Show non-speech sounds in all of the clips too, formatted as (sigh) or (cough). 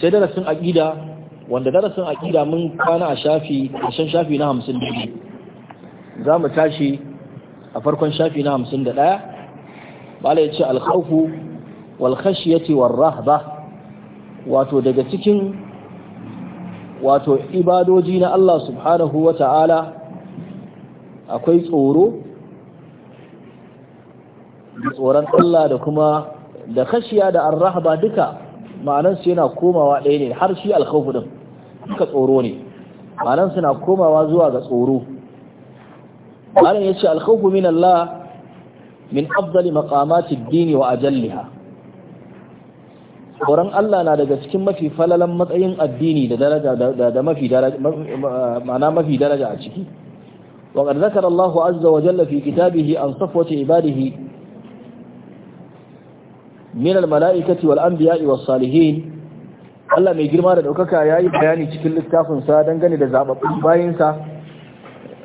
sai darasin aƙida wanda darasin aƙida mun kana a shafi ƙarshen shafi na hamsin da biyu za mu tashi a farkon shafi na hamsin da ɗaya bala ya ce alkhaufu wal khashiyati war wato daga cikin wato ibadoji na Allah subhanahu wa ta'ala akwai tsoro da tsoron Allah da kuma da kashiya da arrahba duka Ma'anansu su yana komawa ɗaya ne har shi alkhawfu din duka tsoro ne Ma'anansu suna komawa zuwa ga tsoro ma'anan yace alkhawfu min Allah min afdali maqamati dini wa ajalliha tsoron Allah na daga cikin mafi falalan matsayin addini da daraja da mafi daraja ma'ana mafi daraja a ciki wa qad zakara Allah azza wa jalla fi kitabihi an safwati ibadihi Minal al-mala'ikati wal anbiya'i was salihin Allah mai girma da ɗaukaka ya yi bayani cikin littafin sa dangane da zababbun bayin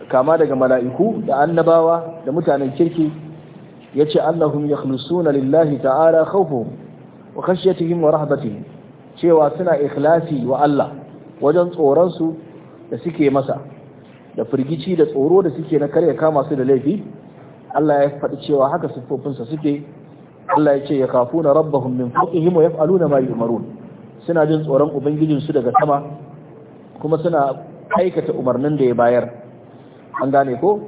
kama daga mala'iku da annabawa da mutanen kirki yace annahum yakhlusuna lillahi ta'ala khawfuhum wa khashyatihim wa rahbatihim cewa suna ikhlasi wa Allah wajen tsoron su da suke masa da firgici da tsoro da suke na karya kama su da laifi Allah ya faɗi cewa haka siffofinsa suke Allah ya ce ya kafuna rabbahum min fawqihim wa yaf'aluna ma yu'marun suna jin tsoron ubangijin su daga sama kuma suna aikata umarnin da ya bayar an gane ko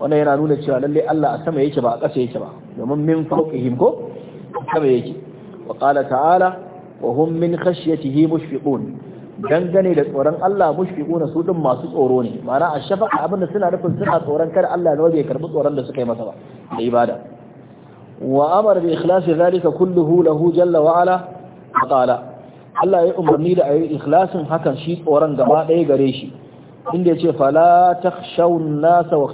wannan yana nuna cewa lalle Allah a sama yake ba a ƙasa yake ba domin min fawqihim ko sama yake wa qala ta'ala wa hum min khashyatihi mushfiqun dangane da tsoron Allah mushfiquna su din masu tsoro ne ma'ana a shafaqa abinda suna nufin suna tsoron kada Allah ya karbi tsoron da suka yi masa ba da ibada وأمر بإخلاص ذلك كله له جل وعلا فقال Allah ya umarni da a yi ikhlasin hakan shi tsoron gaba ɗaya gare shi inda ya ce fala ta shaun nasa wa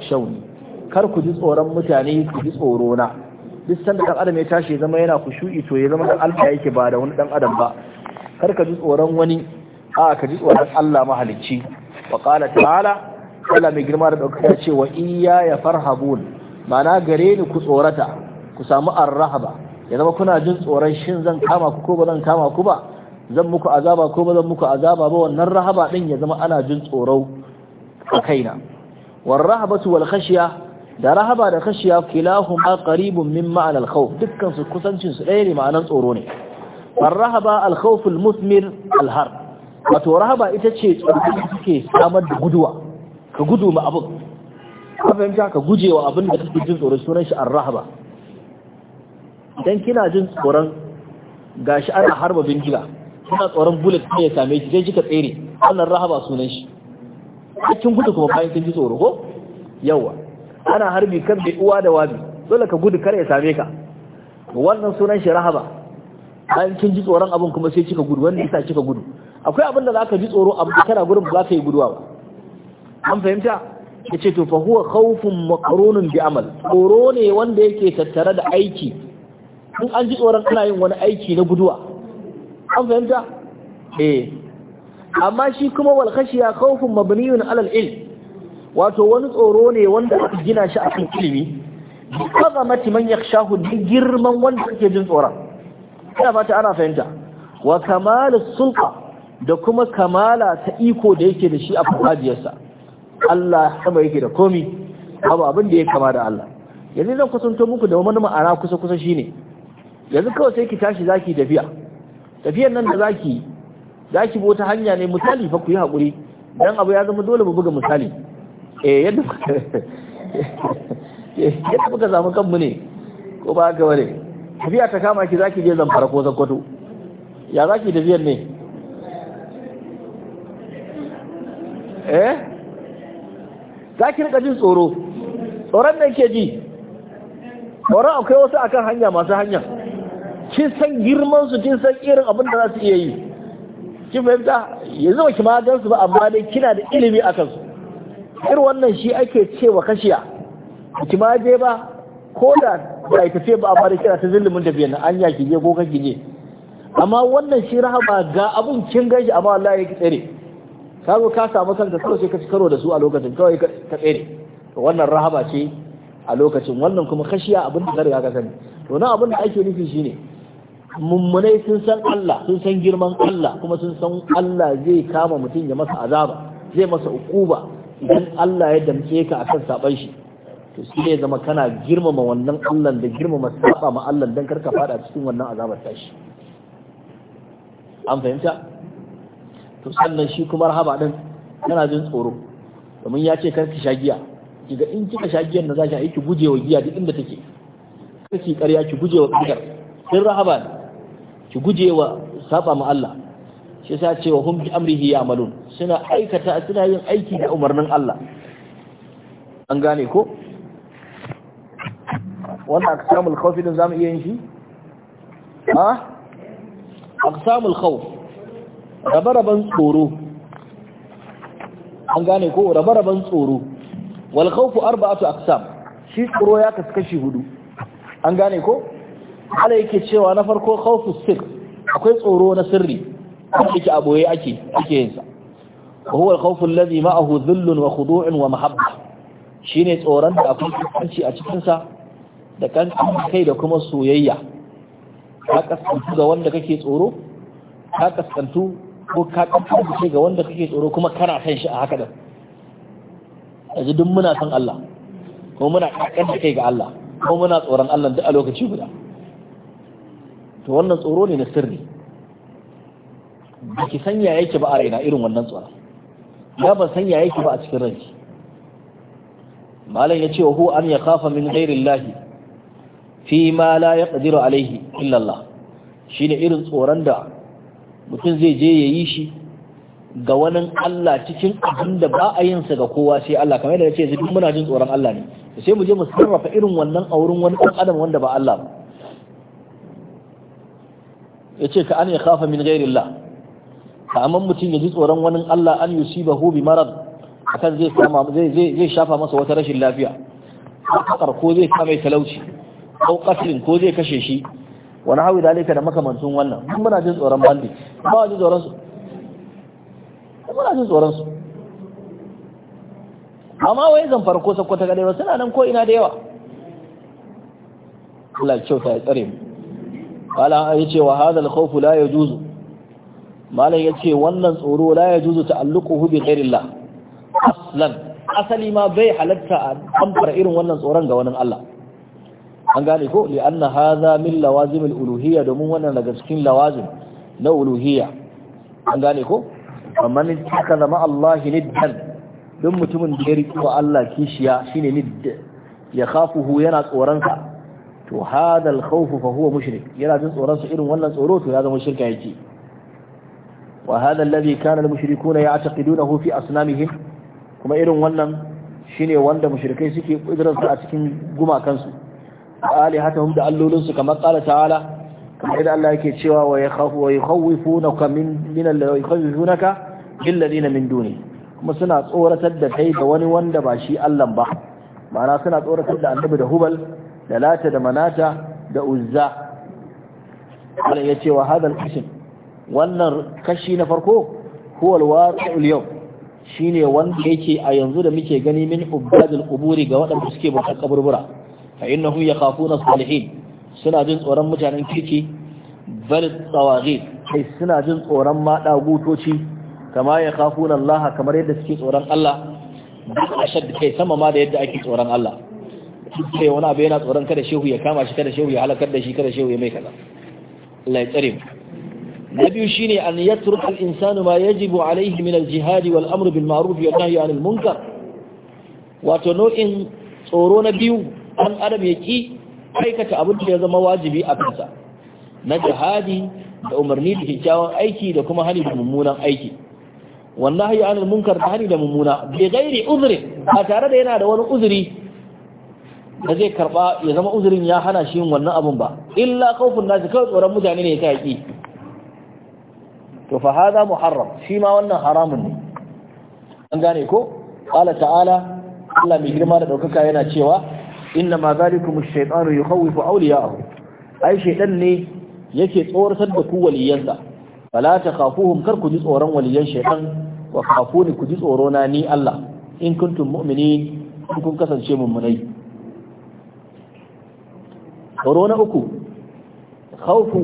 kar ku ji tsoron mutane ku ji tsorona duk sanda ɗan adam ya tashi zama yana ku shu'i to ya zama da Allah yake ba da wani ɗan adam ba kar ka ji tsoron wani a ka ji tsoron Allah mahalicci wa qala ta'ala Allah mai girma da ya ce wa iyya ya farhabun mana gare ni ku tsorata ku samu arrahaba ya zama kuna jin tsoron shin zan kama ku ko ba zan kama ku ba zan muku azaba ko ba zan muku azaba ba wannan rahaba din ya zama ana jin tsoro a kaina war rahabatu wal khashiya da rahaba da khashiya kilahuma qaribun min ma'anal khawf dukkan su kusancin su ɗaya ne ma'anar tsoro ne war rahaba al khawf al musmir al har wato rahaba ita ce tsoro suke samar da guduwa ka gudu ma abin ka fahimta ka guje wa abin da kake jin tsoro sunan shi ar rahaba idan kina jin tsoron gashi ana harba bindiga kina tsoron bullet ne ya same ki sai kika tsere wannan rahaba sunan shi kin gudu kuma bayan kin ji tsoro ko yawa ana harbi kan bai uwa da wabi dole ka gudu kar ya same ka wannan sunan shi rahaba bayan kin ji tsoron abin kuma sai kika gudu Wannan yasa kika gudu akwai abin da zaka ji tsoro amma kana gurin ba ka yi guduwa ba an fahimta yace to fa huwa khawfun maqrunun bi amal tsoro ne wanda yake tattare da aiki in an ji tsoron ana yin wani aiki na guduwa an fahimta eh amma shi kuma wal khashiya khawfun mabniyun ala wato wani tsoro ne wanda aka gina shi akan ilimi mati man yakhshahu bi girman wanda ake jin tsoron ina fata ana fahimta wa kamalus sulqa da kuma kamala ta iko da yake da shi a fadiyarsa Allah sama yake da komi abu abin da ya kama da Allah yanzu zan kusanto muku da wani ma'ana kusa kusa shine yanzu kawai sai ki tashi zaki tafiya tafiyan nan da zaki zaki bota hanya ne misali fa ku yi hakuri dan abu ya zama dole mu buga misali eh yadda (laughs) yadda muka samu kanmu ne ko ba haka bane tafiya ta kama ki zaki je zan ko zakwato ya zaki tafiyan ne eh zaki rika jin tsoro tsoron da ke ji tsoron akwai wasu akan hanya masu hanya kin san girman su kin san irin abin da za su iya yi kin fahimta yanzu ba ki ma gan su ba amma dai kina da ilimi a kansu irin wannan shi ake cewa kashiya ki ma je ba ko da ba tafiya ba amma da kira ta zillumin da biyan an yaki je ko kake je amma wannan shi rahama ga abun kin gashi amma wallahi ki tsere kago ka samu kanka kawai sai ka karo da su a lokacin kawai ka tsere wannan rahama ce a lokacin wannan kuma kashiya abin da ka riga ka sani to nan abin da ake nufi shine mummunai sun san Allah sun san girman Allah kuma sun san Allah zai kama mutum ya masa azaba zai masa ukuba idan Allah ya damce ka akan saban shi to shi ne zama kana girmama wannan Allah da girmama saba ma Allah dan karka fada cikin wannan azabar tashi an fahimta to sannan shi kuma rahaba din kana jin tsoro domin ya ce karki sha giya kiga in kika sha giyan da zaki yi ki gujewa giya duk inda take karki karya ki gujewa ƙarya sun rahaba ne ki guje wa saba ma Allah shi yasa ce wa hum bi amrihi ya'malun suna aikata suna yin aiki da umarnin Allah an gane ko wannan aqsamul khawf din zamu iya yin shi ha aqsamul khawf rabaraban tsoro an gane ko rabaraban tsoro wal khawfu arba'atu aqsam shi tsoro ya kaskashi hudu an gane ko ala yake cewa na farko khawfu sirr akwai tsoro na sirri yake aboye ake ake yin sa huwa al-khawfu alladhi ma'ahu dhullun wa khudu'un wa mahabba shine tsoron da akwai kanci a cikin sa da kanci kai da kuma soyayya ka kaskantu ga wanda kake tsoro ka kaskantu ko ka kaskantu ga wanda kake tsoro kuma kana san shi a haka da yanzu duk muna san Allah ko muna da kai ga Allah ko muna tsoron Allah duk a lokaci guda to wannan tsoro ne na sirri ba ki sanya yake ba a raina irin wannan tsoron ya ba sanya yake ba a cikin ranki malam ya ce wa hu an ya kafa min ghairin lahi fi ma la ya ƙadiru alaihi illallah shi ne irin tsoron da mutum zai je ya yi shi ga wani Allah cikin abin da ba a yinsa ga kowa sai Allah kamar yadda ya ce duk muna jin tsoron Allah ne sai mu je mu sarrafa irin wannan a wurin wani ɗan adam wanda ba Allah ba yace ka an ya kafa min ghairillah ka amma mutum ya ji tsoron wani Allah an yi bi ba akan zai kama zai zai zai shafa masa wata rashin lafiya hakar ko zai kama talauci ko katlin ko zai kashe shi wani hawi da da makamantun wannan mun muna jin tsoron bandi ba jin tsoron su muna jin tsoron su amma wai zan farko sakwata kadai ba suna nan ko ina da yawa Allah ya kyauta ya tsare mu malam ya ce wa hadha al-khawf la yajuzu malam ya ce wannan tsoro la yajuzu ta'alluquhu bi ghairillah aslan asali ma bai halatta a kamfara irin wannan tsoron ga wani Allah an gane ko li anna hadha min lawazim al-uluhiyya domin wannan daga cikin lawazim na uluhiyya an gane ko amma taka zama Allah niddan don mutumin da ya riƙi wa Allah kishiya shine nidd ya khafuhu yana tsoron sa to hada al fa huwa mushrik yana jin tsoron su irin wannan tsoro to ya zama shirka yake wa hada alladhi kana al-mushrikuna ya'taqidunahu fi asnamihim kuma irin wannan shine wanda mushrikai suke kudiransu a cikin gumakansu alihatahum da su kamar qala ta'ala kamar idan Allah yake cewa wa yakhafu wa yukhawifunaka min min alladhi yukhawifunaka bil min duni kuma suna tsoratar da kai da wani wanda ba shi Allah ba ma'ana suna tsoratar da annabi da hubal da lata da manata da uzza Allah ya ce wa hadal kashin wannan kashi na farko huwa alwaqi'ul yau shine wanda yake a yanzu da muke gani min ubadul quburi ga waɗanda suke bakar kaburbura fa innahum yakhafuna salihin suna jin tsoron mutanen kirki bal tsawaghi kai suna jin tsoron ma dagutoci kama yakhafuna Allah kamar yadda suke tsoron Allah duk ashad kai sama ma da yadda ake tsoron Allah kire wani abu yana tsoron kada shehu ya kama shi kada shehu ya halakar da shi kada shehu ya mai kaza Allah ya tsare mu na biyu shine an yatruk al insanu ma yajibu alaihi min al jihad wal amr bil ma'ruf wal nahy anil munkar wato nau'in tsoro na biyu an adam ya ki aikata abin da ya zama wajibi a kansa na jihadi da umarni da kyakkyawan aiki da kuma hani da mummunan aiki wannan hayya munkar da hani da mummuna bi ghairi uzri ba tare da yana da wani uziri. ba zai karba ya zama uzurin ya hana shi yin wannan abun ba illa kaufin nasi kawai tsoron mutane ne ya yaki to fa hada muharram shi ma wannan haramun ne an gane ko qala ta'ala Allah mai girma da daukaka yana cewa inna ma zalikum ash-shaytanu yukhawifu awliya'ahu ai shaytan ne yake tsoratar da ku waliyansa fala takhafuhum kar ku ji tsoron waliyan shaytan wa khafuni ku ji tsoro na ni Allah in kuntum mu'minin kun kasance mummunai tsoro na uku khawfu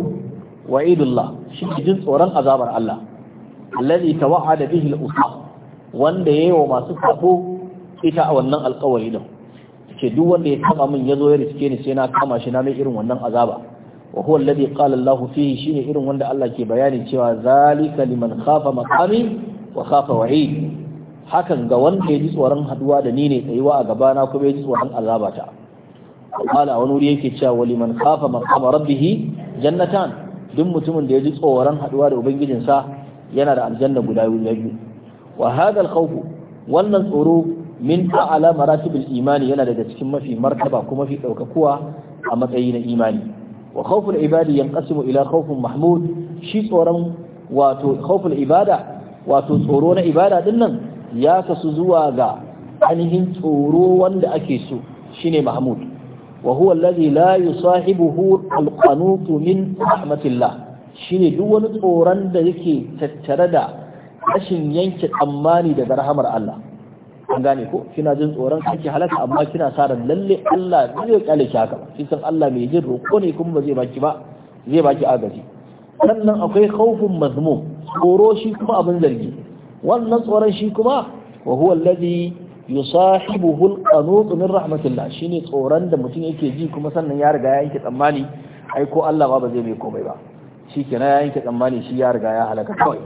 wa'idullah shi jin tsoron azabar Allah allazi tawa'ada bihi al-usab wanda yayi wa masu kafo ita a wannan alƙawari din ce duk wanda ya kama min yazo ya riske ni sai na kama shi na mai irin wannan azaba wa huwa alladhi qala Allah fihi shine irin wanda Allah ke bayani cewa zalika liman khafa maqami wa khafa wa'id hakan ga wanda ya ji tsoron haduwa da ni ne tsayuwa a gabana kuma ya ji tsoron azabata ala wani wuri yake cewa wali man khafa maqama rabbih jannatan duk mutumin da ya ji tsoron haduwa da ubangijinsa yana da aljanna guda biyu wa hadha al wannan tsoro min a'la maratibil imani yana daga cikin mafi martaba kuma mafi daukakuwa a matsayi na imani wa khawful ibadi yanqasimu ila khawfin mahmud shi tsoron wato ibada wato tsoro na ibada din ya kasu zuwa ga ainihin tsoro wanda ake so shine mahmud وهو الذي لا يصاحبه القنوط من رحمة الله شيني duk wani tsoron da yake tattare da rashin yanke tsammani daga rahamar Allah an gane ko kina jin tsoron kake halaka amma kina sa ran lalle Allah zai kyale ki haka shi san Allah mai jin roko ne kuma zai baki ba zai baki agaji sannan akwai khawfun mazmum tsoro shi kuma abin zargi wannan tsoron shi kuma wa huwa yusahibuhu al-qanut min rahmatillah shine tsoron da mutum yake ji kuma sannan ya riga ya yanke tsammani ai ko Allah ba zai mai komai ba shikenan ya yanke tsammani shi ya riga ya halaka kawai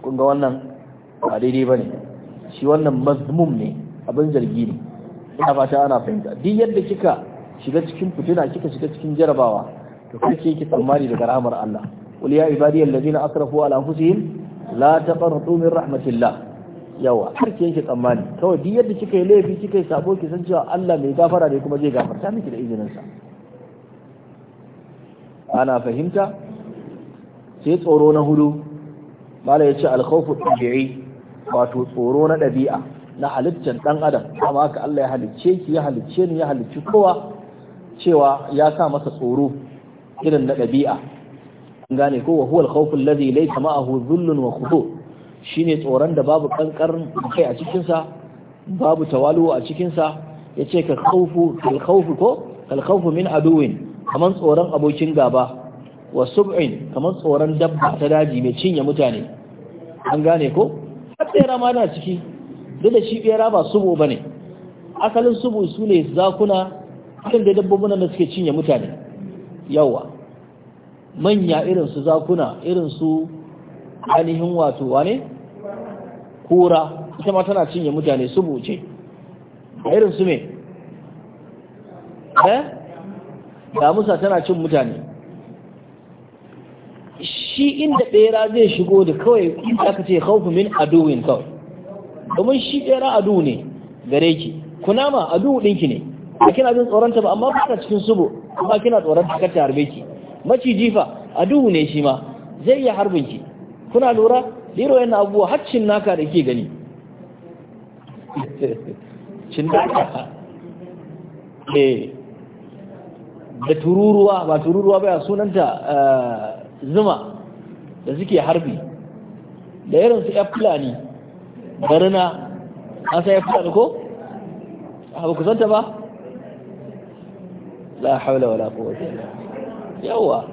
kun ga wannan ba daidai bane shi wannan mazmum ne abin zargi ne ina fata ana fahimta duk yadda kika shiga cikin fitina kika shiga cikin jarabawa to kake yake tsammani daga rahmar Allah qul ya ibadiyal ladina asrafu ala anfusihim la taqnatu min rahmatillah yawa har ki yanke tsammani kawai duk yadda kika yi laifi kika yi sabo ki san cewa Allah mai gafara ne kuma zai gafarta miki da izinin sa ana fahimta sai tsoro na hudu mala yace al-khawfu tabi'i wato tsoro na dabi'a na halittar dan adam amma haka Allah ya halicce ki ya halicce ni ya halicci kowa cewa ya sa masa tsoro irin na dabi'a gane ko wa huwa al-khawfu alladhi laysa ma'ahu dhullun wa khudu' shine tsoron da babu kankar kai a cikinsa babu tawalu a cikinsa ya ce ka khawfu kal ko kal min aduwin kamar tsoron abokin gaba wa sub'in kamar tsoron dabba ta daji mai cinye mutane an gane ko har tsera ma na ciki duk da shi bera ba subo bane asalin subu su ne zakuna kan da dabbobin da suke cinye mutane yawa manya irin su zakuna irin su ainihin wato wane kura ita ma tana cinye mutane su buce a irin su me eh damusa tana cin mutane shi inda bera zai shigo da kawai aka ce khawfu min aduwin kawai domin shi bera adu ne gare ki kunama adu dinki ne A kina jin tsoronta ba amma ba cikin subo amma kina tsoronta kar ta harbe ki maciji fa adu ne shi ma zai iya harbin ki kuna lura dero yana abubuwa har naka da ke gani cin naka eh. da tururuwa ba tururuwa ba sunanta eh, zuma da suke harbi da irin su fulani barina an san fulani ko abu kusanta ba la haula wala ko illa billah yawa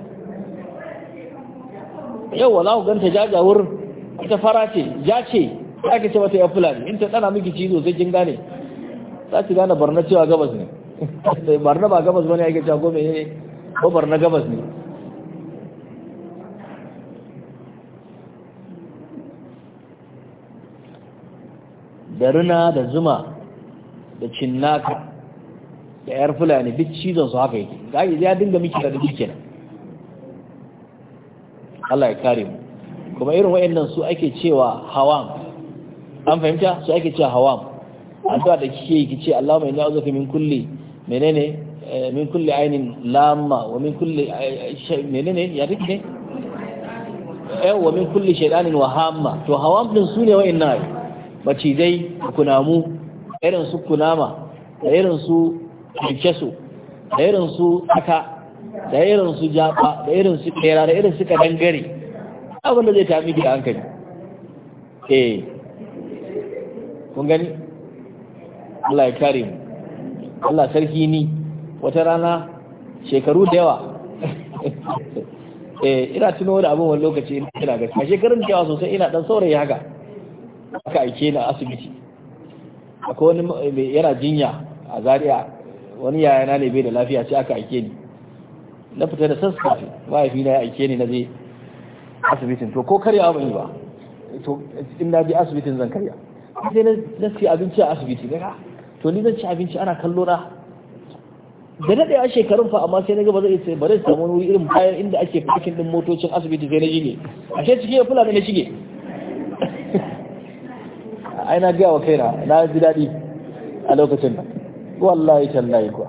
yawa za ku ganta jajawar. ita fara ce ja ce ake ce mata ya fulani in ta tsana miki cizo sai kin gane za ki gane barna cewa gabas ne (laughs) barna ba gabas ne, ake cewa ko ne? ko barna gabas ne da runa da zuma da cinnaka da yar fulani duk cizon su haka yake ga ya dinga miki da duk kenan Allah ya kare mu kuma irin wayannan su ake cewa hawam an fahimta su ake cewa hawam addu'a da kike yi kice Allahumma inna a'udhu min kulli menene eh, min kulli ainin lamma wa min kulli eh, menene ya rike eh, wa min kulli shaytanin wa hamma to hawam din su ne wayannan macizai kunamu irin su kunama da irin su kirkeso da irin su aka da irin su jaba da irin su kera da irin su kadangare abin da zai ta miki da hankali eh kun gani Allah ya kare mu Allah sarki ni wata rana shekaru da yawa (laughs) eh ina tuno da abin wani lokaci ina ga a shekarun da yawa sosai ina dan saurayi haka aka aike ni asibiti akwai wani yana jinya a Zariya wani yayana ne bai da lafiya sai aka aike ni na fita da sassafe mahaifina ya aike ni na zai asibitin to ko karya ba yi ba to in na je asibitin zan karya sai na ci abinci a asibiti daga to ni zan ci abinci ana kallo na da daɗe a shekarun fa amma sai na gaba zai sai bare samu wuri irin bayan inda ake fakin din motocin asibiti sai na jige ashe cike fula da na shige (laughs) ai na gaya wa kaina na ji daɗi a lokacin nan wallahi tallahi kuwa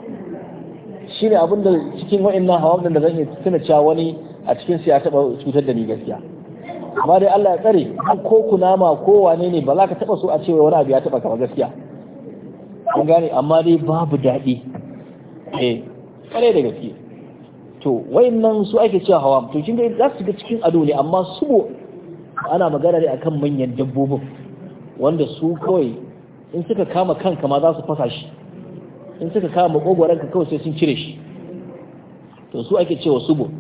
shine abinda cikin wa'annan hawan da zan yi tuna cewa wani a cikin su ya taɓa cutar da ni gaskiya amma dai Allah ya tsare ko kunama ko wane ne ba za ka taɓa so a cewa wani abu ya taɓa kama gaskiya kun gane amma dai babu daɗi eh kare da gaskiya. to wayannan su ake cewa hawa to kin ga za su ga cikin ado ne amma subo ana magana ne akan manyan dabbobin wanda su kawai in suka kama kanka ma za su fasa shi in suka kama makogwaranka kawai sai sun cire shi to su ake cewa subo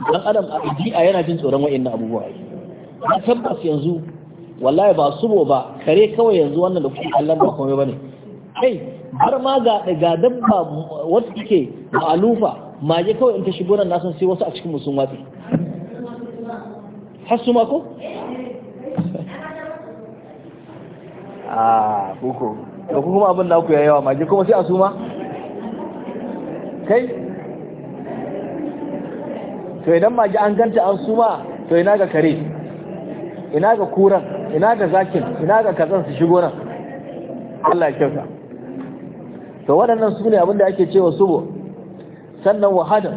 dan adam a ɗabi'a yana jin tsoron wa'annan abubuwa na tabbas yanzu wallahi ba su ba kare kawai yanzu wannan da kuma kallon ba komai bane kai har ma ga ga dabba wata take ma'alufa maje kawai in ta shigo nan nasan sai wasu a cikin musun watsi har su ma ko (laughs) ah kuku. da kuma abin da ku yayawa maje kuma sai a ma? kai to idan mage an ganta an suma to ina ga kare ina ga kuran ina ga zakin ina ga kazan su shigo nan Allah ya kyauta to waɗannan su ne abinda ake cewa subo sannan wahada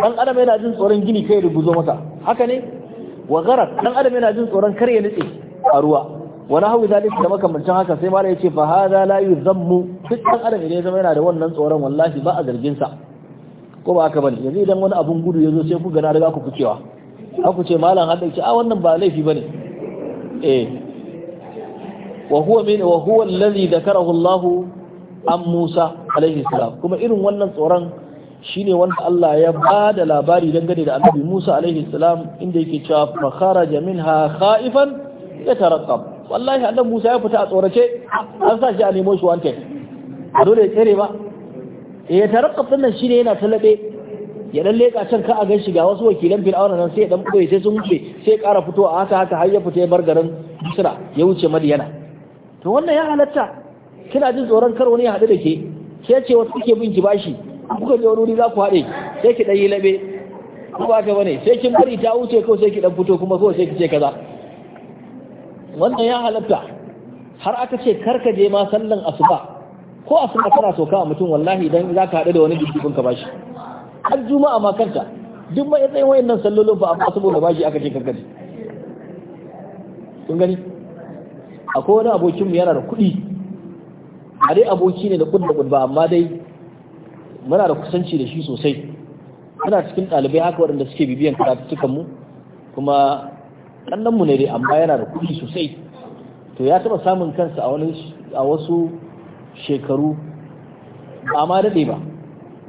dan adam yana jin tsoron gini kai da guzo masa haka ne wa gharar dan adam yana jin tsoron kar ya nitse a ruwa wa nahwu zalika da makamancin haka sai malai yace fa hada la yuzammu duk dan adam ne zama yana da wannan tsoron wallahi ba a zargin sa ko ba haka bane yanzu idan wani abun gudu ya zo sai ku gana daga ku a ku ce malam hadda ce a ah, wannan ba laifi bane eh wa huwa min wa huwa allazi dakarahu Allah an Musa alaihi salam kuma irin wannan tsoron shine wanda Allah ya ba da labari dangane da Annabi Musa alaihi salam inda yake cewa fa kharaja minha khaifan yatarqab wallahi Annabi Musa ya fita a tsorace an sa shi a nemo shi wanted a dole ya tsere ba Eh, ya tarakkab din nan ne yana talabe ya dan leka can ka a gan ga wasu wakilan fir'auna nan sai ya dan boye sai sun wuce sai ƙara fito a haka haka har ya fita ya bar garin Misra ya wuce Madiyana to wannan ya halatta kina jin tsoron kar wani ya haɗu da ke sai ce wasu kuke bin ki bashi kuka je wani wuri za ku haɗe sai ki ɗan yi labe ko ba ka bane sai kin bari ta wuce ko sai ki dan fito kuma ko sai ki ce kaza wannan ya halatta har aka ce karka je ma sallan asuba ko a suna kana soka mutum wallahi idan za ka haɗu da wani jiki ka bashi har juma'a ma kanta duk ma tsayin wayannan sallolin fa amma saboda bashi aka ce kankan kun gani akwai wani abokinmu yana da kuɗi a dai aboki ne da kudin da ba amma dai muna da kusanci da shi sosai muna cikin ɗalibai haka waɗanda suke bibiyan karatukanmu, mu kuma ƙannanmu ne dai amma yana da kuɗi sosai to ya taɓa samun kansa a wani a wasu shekaru ba ma daɗe ba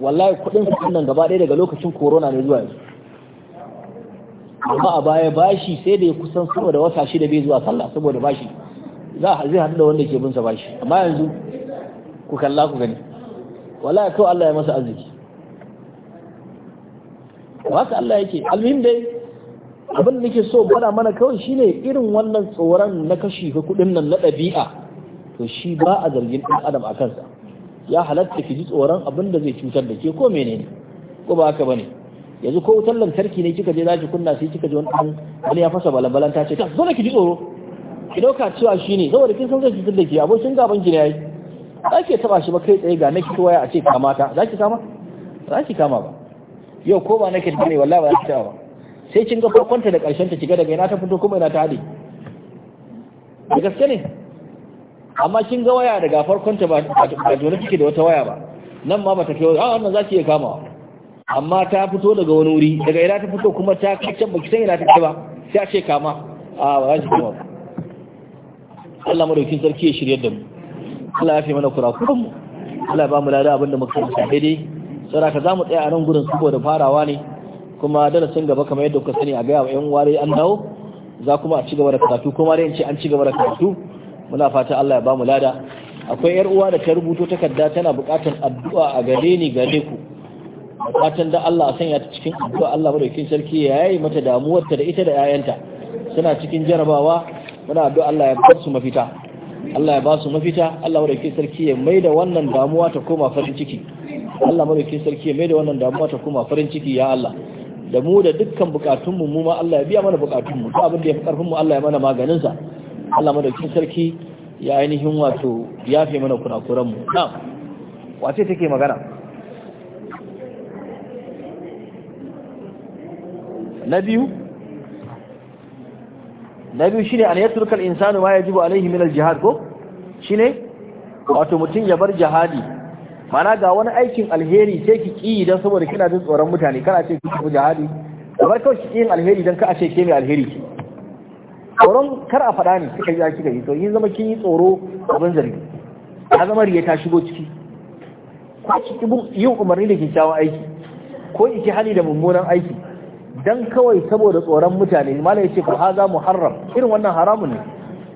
wallahi kuɗin su nan gaba ɗaya daga lokacin corona ne zuwa yanzu amma a baya bashi sai da ya kusan sama da wata shida bai zuwa sallah saboda bashi za a zai haɗu da wanda ke binsa bashi amma yanzu ku kalla ku gani wallahi kawai Allah ya masa arziki haka Allah yake almin dai abin da nake so bana mana kawai shine irin wannan tsoron na kashi ga kuɗin nan na ɗabi'a to shi ba a zargin ɗan adam a kansa ya halatta ki ji tsoron abin da zai cutar da ke ko menene ko ba haka bane yanzu ko wutar lantarki ne kika je za ki kunna sai kika ji wani ɗan wani ya fasa balan ta ce ta zo ki ji tsoro ki ɗauka cewa shi ne saboda kin san zai cutar da ke abokin gaban ki ne yi za ki taɓa shi ba kai tsaye ga na ki waya a ce kama ta za ki kama za ki kama ba yau ko ba na nake ne wallahi ba za ki ba sai kin ga farkonta da ƙarshen ta kiga daga ina ta fito kuma ina ta haɗe da gaske ne amma kin ga waya daga farkon ta ba jona take da wata waya ba nan ma bata kai ah wannan zaki iya kama amma ta fito daga wani wuri daga ina ta fito kuma ta kace ki san ina ta kai ba sai a ce kama ah ba za ki kama Allah madaukin sarki ya shirye da mu Allah ya fi mana kurakun Allah ya ba mu lada abinda muka sai daidai sai ka zamu tsaya a nan gurin saboda farawa ne kuma darasin gaba kamar yadda kuka sani a ga yan ware an dawo za kuma a ci gaba da karatu kuma dai in ce an ci gaba da karatu muna fata Allah ya bamu lada akwai yar uwa da ta rubuto takarda tana buƙatar addu'a a gare ni gare ku fatan da Allah sanya ta cikin addu'a Allah madaukakin sarki ya yayi mata damuwar ta da ita da 'ya'yanta suna cikin jarabawa muna addu'a Allah ya ba su mafita Allah ya ba su mafita Allah madaukakin sarki ya maida wannan damuwa ta koma farin ciki Allah madaukakin sarki ya maida wannan damuwa ta koma farin ciki ya Allah da mu da dukkan bukatun mu mu ma Allah ya biya mana bukatun mu abin da ya fi karfin mu Allah ya mana maganin sa Allah madaukin sarki ya ainihin wato yafe mana kurakuran mu na'am wace take magana na biyu na biyu shine an yatruka al-insanu ma yajibu alaihi min al-jihad ko shine wato mutum ya bar jihadi mana ga wani aikin alheri sai ki ki dan saboda kina jin tsoron mutane kana ce ki tafi jihadi kamar kawai ki yin alheri dan ka a ce ke mai alheri ki tsoron kar a faɗa ne kika yi kika yi to yin zama kin yi tsoro abin zargi ta zama riya ta shigo ciki ko ciki yin umarni da kyakkyawan aiki ko iki hali da mummunan aiki dan kawai saboda tsoron mutane ya yace fa haza muharram irin wannan haramun ne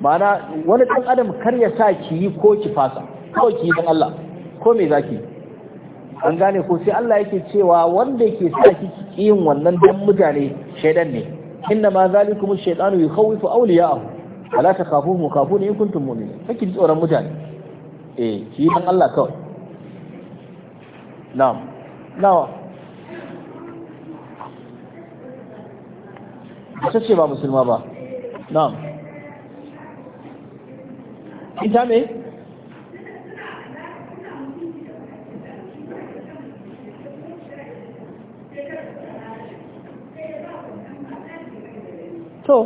ma'ana wani ɗan adam kar ya sa ki yi ko ki fasa ko ki yi dan Allah ko me za ki an gane ko sai Allah yake cewa wanda yake sa ki yin wannan dan mutane shaidan ne inna ma zalikumu shaytanu yukhawifu awliya'ahu ala takhafuhum khafuni in kuntum mu'minin kake tsoron mutane eh ki dan Allah kawai na'am nawa ta ce ba musulma ba na'am ita me to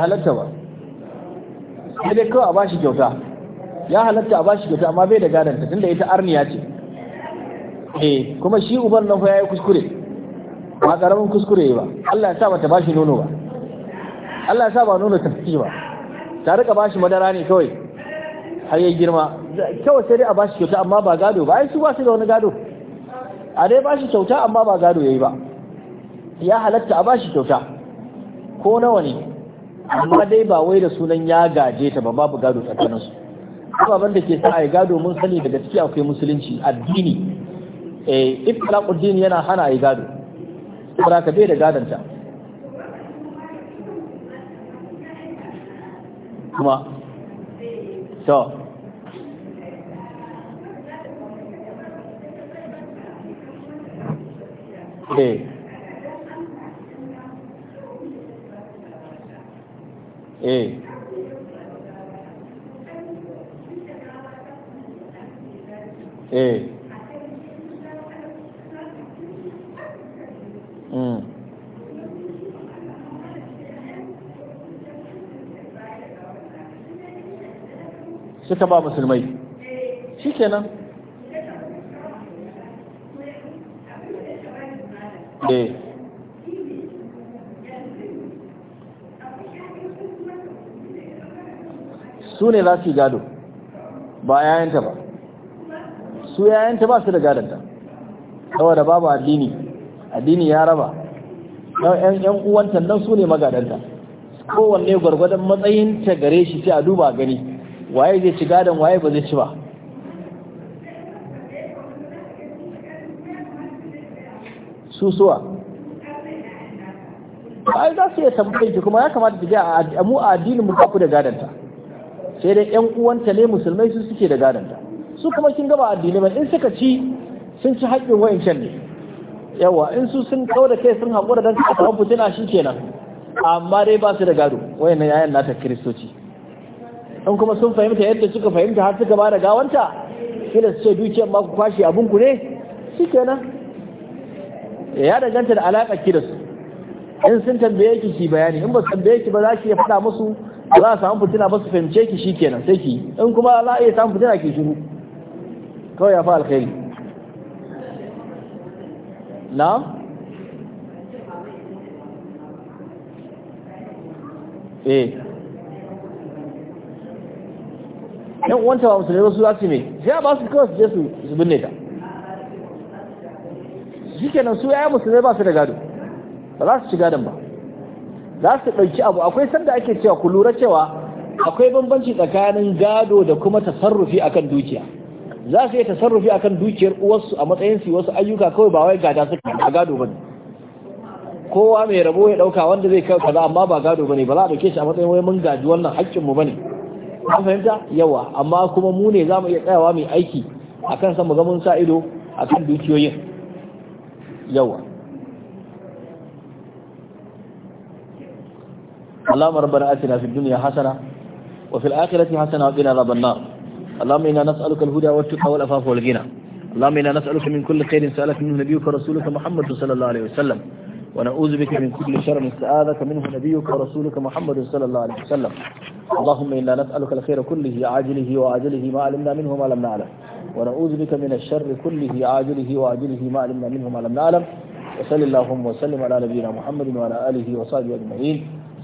halatta ba sai dai kawai a bashi kyauta ya halatta a bashi kyauta amma bai da gadanta tunda ita arniya ce eh kuma shi uban nan fa yayi kuskure ba karamin kuskure ba Allah ya sa bata bashi nono ba Allah ya sa ba nono ta fice ba ta rika bashi madara ne kawai har ya girma kawai sai dai a bashi kyauta amma ba gado ba ai su ba su da wani gado a dai bashi kyauta amma ba gado yayi ba ya halatta a bashi kyauta ko nawa ne amma dai ba wai da sunan ya gaje ta ba babu gado tsakaninsu ababen da ke sa a gado mun sani daga ciki akwai musulunci addini eh iflaquddin yana hana a gado saboda ka bai da gadanta kuma to eh eh eh mm suka ba musulmai shikenan eh su ne za su yi gado ba 'ya'yanta ba su yayanta ba su da gadanta saboda babu addini addini ya raba ɗan yan uwanta nan su ne magadanta kowanne gwargwadon matsayin ta gare shi sai a duba gani waye zai ci gadan waye ba zai ci ba susuwa ai za su iya tambayin ki kuma ya kamata ki a mu a addinin mu ku da gadanta sai dai yan uwanta ne musulmai su suke da gadanta su kuma kin gaba addini ba in suka ci sun ci haƙƙin wa'incan ne yawa in su sun kawo da kai sun haƙura don ka samu fitina shi kenan amma dai ba su da gado wayan yayan nata kiristoci in kuma sun fahimta yadda suka fahimta har suka ba da gawanta kila su ce dukiyar ma ku kwashe abin ku ne kenan. ya danganta da alaƙa ki da su in sun tambaye ki ki bayani in ba su tambaye ki ba za ki faɗa musu za a samu fitina ba su fahimce ki shi kenan sai ki in kuma za a iya samu fitina ki shiru kawai ya fi alkhairi na eh yan uwanta ba musulmi wasu za su ne sai ba su kawai su je su binne ta shi kenan su yaya musulmi ba su da gado ba za su ci gadon ba za su ɗauki abu akwai sanda ake cewa ku lura cewa akwai bambanci tsakanin gado da kuma tasarrufi akan dukiya za su yi tasarrufi akan dukiyar uwarsu a matsayin su wasu ayyuka kawai ba wai gada suka a gado bane kowa mai rabo ya dauka wanda zai kai kaza amma ba gado bane ba za a dauke shi a matsayin wai mun gaji wannan haƙƙin mu bane an fahimta yawa amma kuma mu ne zamu iya tsayawa mai aiki akan san mu ga mun sa ido akan dukiyoyin yawa اللهم ربنا آتنا في الدنيا wa وفي الآخرة حسنة وقنا عذاب النار اللهم إنا نسألك الهدى والتقى والأفاف والغنى اللهم إنا نسألك من كل خير سألك منه نبيك ورسولك محمد صلى الله عليه وسلم ونعوذ بك من كل شر استعاذك منه نبيك ورسولك محمد صلى الله عليه وسلم اللهم إنا نسألك الخير كله عاجله وعاجله ما علمنا منه ما لم نعلم ونعوذ بك من الشر كله عاجله وعاجله ما علمنا منه ما لم نعلم وصل اللهم وسلم على نبينا محمد وعلى آله وصحبه أجمعين